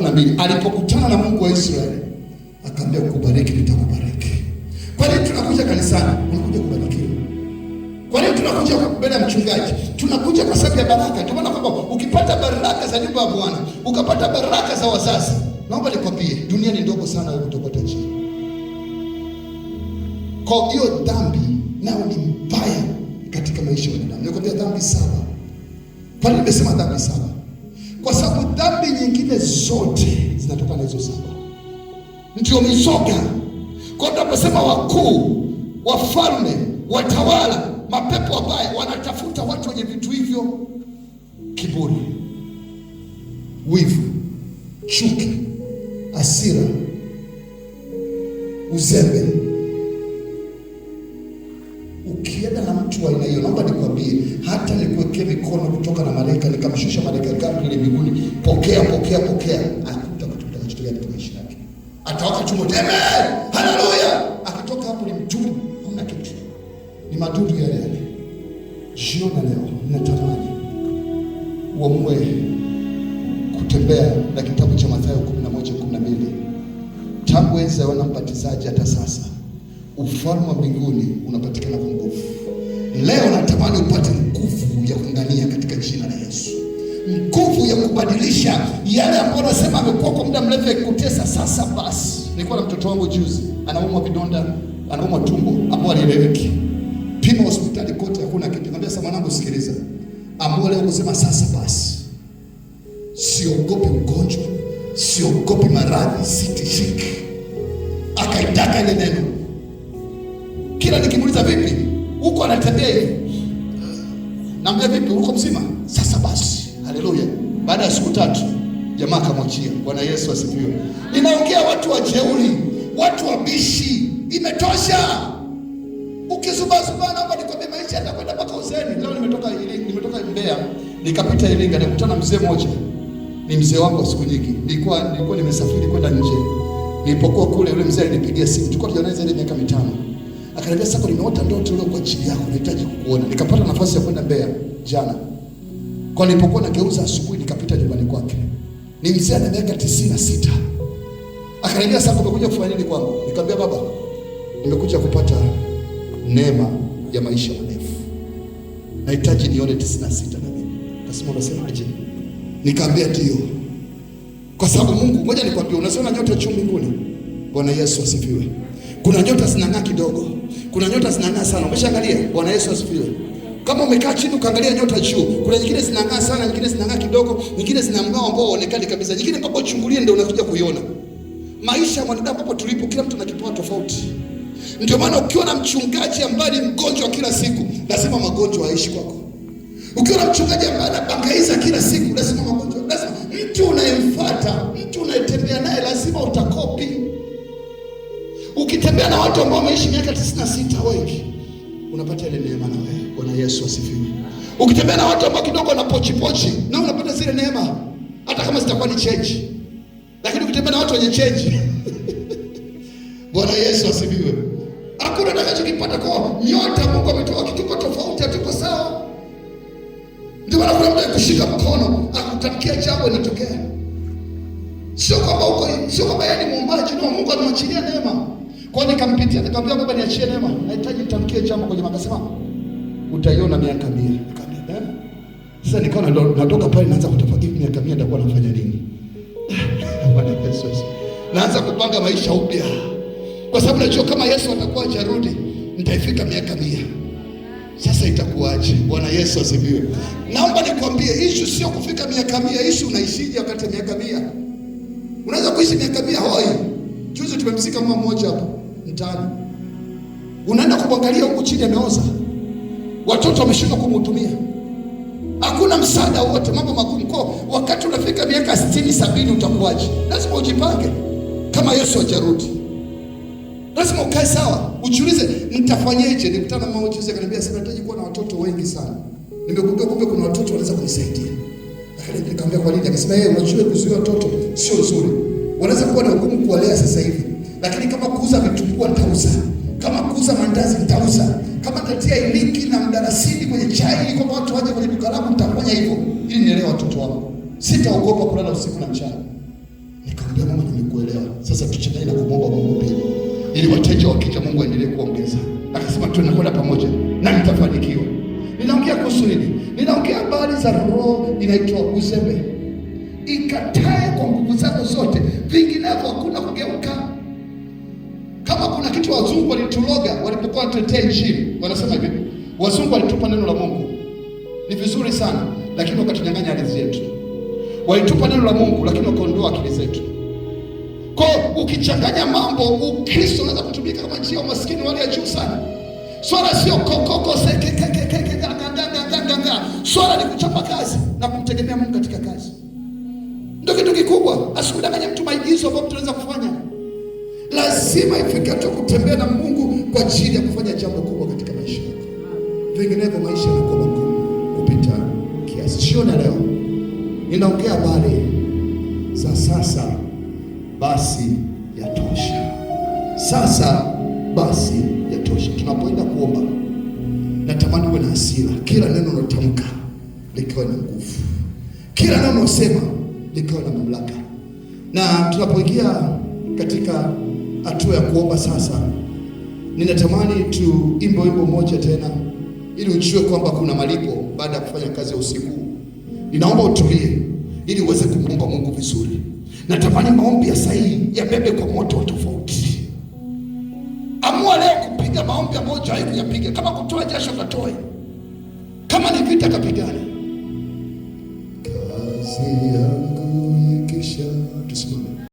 32 alipokutana na Mungu wa Israeli akaambia kubariki nitakubariki. Kwa nini tunakuja kanisani? Unakuja kubarikiwa. Kwa nini tunakuja kubeba mchungaji? Tunakuja kwa sababu ya baraka. Ndio maana kwamba ukipata baraka za nyumba ya Bwana, ukapata baraka za wazazi, naomba nikwambie, dunia ni ndogo sana wewe kutopata njia. Kwa hiyo dhambi nao ni mbaya katika maisha ya wanadamu. Nikwambia dhambi saba. Kwa nini nimesema dhambi saba? kwa sababu dhambi nyingine zote zinatoka na hizo saba, ndio mizoga. Kwa hiyo tunaposema wakuu, wafalme, watawala, mapepo wabaya, wanatafuta watu wenye vitu hivyo: kiburi, wivu, chuki, hasira, uzembe mtu wa aina hiyo, naomba nikwambie, hata nikuwekee mikono kutoka na malaika nikamshusha malaika yangu ile mbinguni, pokea pokea pokea, akuta kitu kitakachotokea katika maisha yake. Atawaka chumo teme, haleluya! Akitoka hapo ni mtu, hamna kitu, ni madudu yale yale. Jiona leo ninatamani uamue kutembea na kitabu cha Mathayo 11:12 tangu enzi ya Yohana Mbatizaji hata sasa ufalme wa mbinguni unapatikana kwa nguvu. Leo natamani upate nguvu ya kung'ania katika jina la Yesu, nguvu ya kubadilisha yale ambayo nasema amekuwa kwa muda mrefu yakikutesa. Sasa basi, nilikuwa na mtoto wangu juzi, anaumwa vidonda, anaumwa tumbo ambao alieleweki, pima hospitali kote, hakuna kitu. Nikamwambia sasa, mwanangu, sikiliza, ambao leo kusema sasa basi, siogopi mgonjwa, siogopi maradhi, sitishiki. Akaitaka ile neno, kila nikimuuliza vipi huko anatembea hivi, naambia vipi, uko mzima? Sasa basi, haleluya. Baada ya siku tatu jamaa akamwachia. Bwana Yesu asifiwe. Ninaongea watu wajeuri, watu wabishi, imetosha. Ukizubazubana hapa, nikwambia maisha yatakwenda mpaka uzeni. Leo nimetoka Iringa, nimetoka Mbeya nikapita Iringa, nikakutana mzee mmoja, ni mzee wangu wa siku nyingi. Nilikuwa nilikuwa nimesafiri kwenda nje, nilipokuwa kule, yule mzee alinipigia simu, tulikuwa tunaanza ile miaka akaniambia Sako, nimeota ndoto ile kwa ajili yako, nahitaji kukuona. Nikapata nafasi ya kwenda Mbeya jana, kwa nilipokuwa nageuza asubuhi, nikapita nyumbani kwake. Ni mzee ana miaka tisini na sita. Akaniambia Sako, umekuja kufanya nini kwangu? Nikamwambia baba, nimekuja kupata neema ya maisha marefu, nahitaji nione tisini na sita na mimi. Kasema unasemaje? Nikaambia ndio, kwa sababu Mungu, ngoja nikwambie, unasema nyota chumi mbinguni. Bwana Yesu asifiwe. Kuna nyota zinang'aa kidogo, kuna nyota zinang'aa sana. Umeshaangalia? Bwana Yesu asifiwe. Kama umekaa chini ukaangalia nyota juu, kuna nyingine zinang'aa sana, nyingine zinang'aa kidogo, nyingine zina mng'ao ambao uonekani kabisa, nyingine mpaka uchungulie ndio unakuja kuiona. Maisha ya mwanadamu hapo tulipo, kila mtu ana kipawa tofauti. Ndio maana ukiona mchungaji ambaye ni mgonjwa kila siku, lazima magonjwa aishi kwako. Ukiona mchungaji ambaye anabangaiza kila siku, lazima magonjwa, lazima mtu unayemfuata, mtu unayetembea naye, lazima utakopi. Natembea na watu ambao wameishi miaka 96 wengi, unapata ile neema na wewe. Bwana Yesu asifiwe. Ukitembea na watu ambao kidogo na pochi pochi, na unapata zile neema, hata kama zitakuwa ni change, lakini ukitembea na watu wenye change Bwana Yesu asifiwe. Hakuna atakachokipata kwa nyota. Mungu ametoa kitu tofauti, hatuko sawa. Ndio maana kuna mtu akushika mkono akutamkia jambo linatokea, sio kwamba uko, sio kwamba yeye ni muumbaji. No, Mungu anamwachilia neema. Kwa nikampitia nikamwambia, baba niachie neema, nahitaji nitamkie jambo kwenye mama. utaiona miaka 100. Nikamwambia eh. Sasa natoka pale naanza kutafakari miaka 100 nitakuwa nafanya nini? Bwana Yesu. Naanza kupanga maisha upya. Kwa sababu najua kama Yesu atakuwa jarudi, nitaifika miaka 100. Sasa itakuwaje? Bwana Yesu asifiwe. Naomba nikwambie, issue sio kufika miaka 100, issue unaishije wakati miaka 100. Unaweza kuishi miaka 100 hoi. Juzi tumemzika mama mmoja hapa mtaani, unaenda kumwangalia huku chini ameoza, watoto wameshindwa kumhudumia, hakuna msaada wote, mambo magumu Kwa Wakati unafika miaka sitini sabini, utakuwaje? Lazima ujipange kama Yesu ajarudi. Lazima ukae sawa, ujiulize nitafanyeje. Nikutana mama juzi akaniambia, sasa nahitaji kuwa na watoto wengi sana, nimekuja kumbe kuna watoto wanaweza kunisaidia. Akaniambia kwa nini? Akasema yeye, eh, unajua kuzuia watoto sio nzuri, wanaweza kuwa na ugumu kuwalea sasa hivi lakini kama kuuza vitumbua nitauza, kama kuuza mandazi nitauza, kama tatia iliki na mdarasini kwenye chai ili kwamba watu waje kwenye duka langu, nitafanya hivyo ili nielewe watoto wangu. Sitaogopa kulala usiku na mchana. Nikamwambia mama, nimekuelewa, sasa tuchendae na kumwomba Mungu pia, ili wateja wakija, Mungu aendelee kuongeza. Akasema tunakwenda pamoja na nitafanikiwa. Ninaongea kuhusu hili, Ninaongea habari za roho inaitwa uzembe. Ikatae kwa nguvu zako zote, vinginevyo hakuna kugeuka. Kuna kitu wazungu walituloga walipokuwa wanatuletea Injili, wanasema hivi, wazungu walitupa neno la Mungu ni vizuri sana, lakini wakatunyang'anya ardhi zetu. Walitupa neno la Mungu, lakini wakaondoa akili zetu. Kwa ukichanganya mambo, Ukristo unaweza kutumika kama njia ya maskini wale ya juu sana. Swala sio kokoko seke keke keke ganga, swala ni kuchapa kazi na kumtegemea Mungu katika kazi, ndio kitu kikubwa. Asikudanganye mtu maigizo ambayo mtu anaweza kufanya lazima ifike tu kutembea na Mungu kwa ajili ya kufanya jambo kubwa katika maisha yako, vinginevyo maisha yanakuwa magumu kupita kiasi. na leo ninaongea habari za sasa basi yatosha, sasa basi yatosha. Tunapoenda kuomba, natamani uwe na hasira, kila neno unatamka likiwa na nguvu, kila neno unasema likawe na mamlaka, na tunapoingia katika hatua ya kuomba sasa. Ninatamani tuimbe wimbo moja tena, ili ujue kwamba kuna malipo baada ya kufanya kazi ya usiku. Ninaomba utulie, ili uweze kumwomba Mungu vizuri. Natamani maombi ya sahihi yabebe kwa moto wa tofauti. Amua leo kupiga maombi ambayo hujawahi kuyapiga. Kama kutoa jasho, katoe. Kama ni vita, kapigane. Kazi yangu ikisha, tusimame.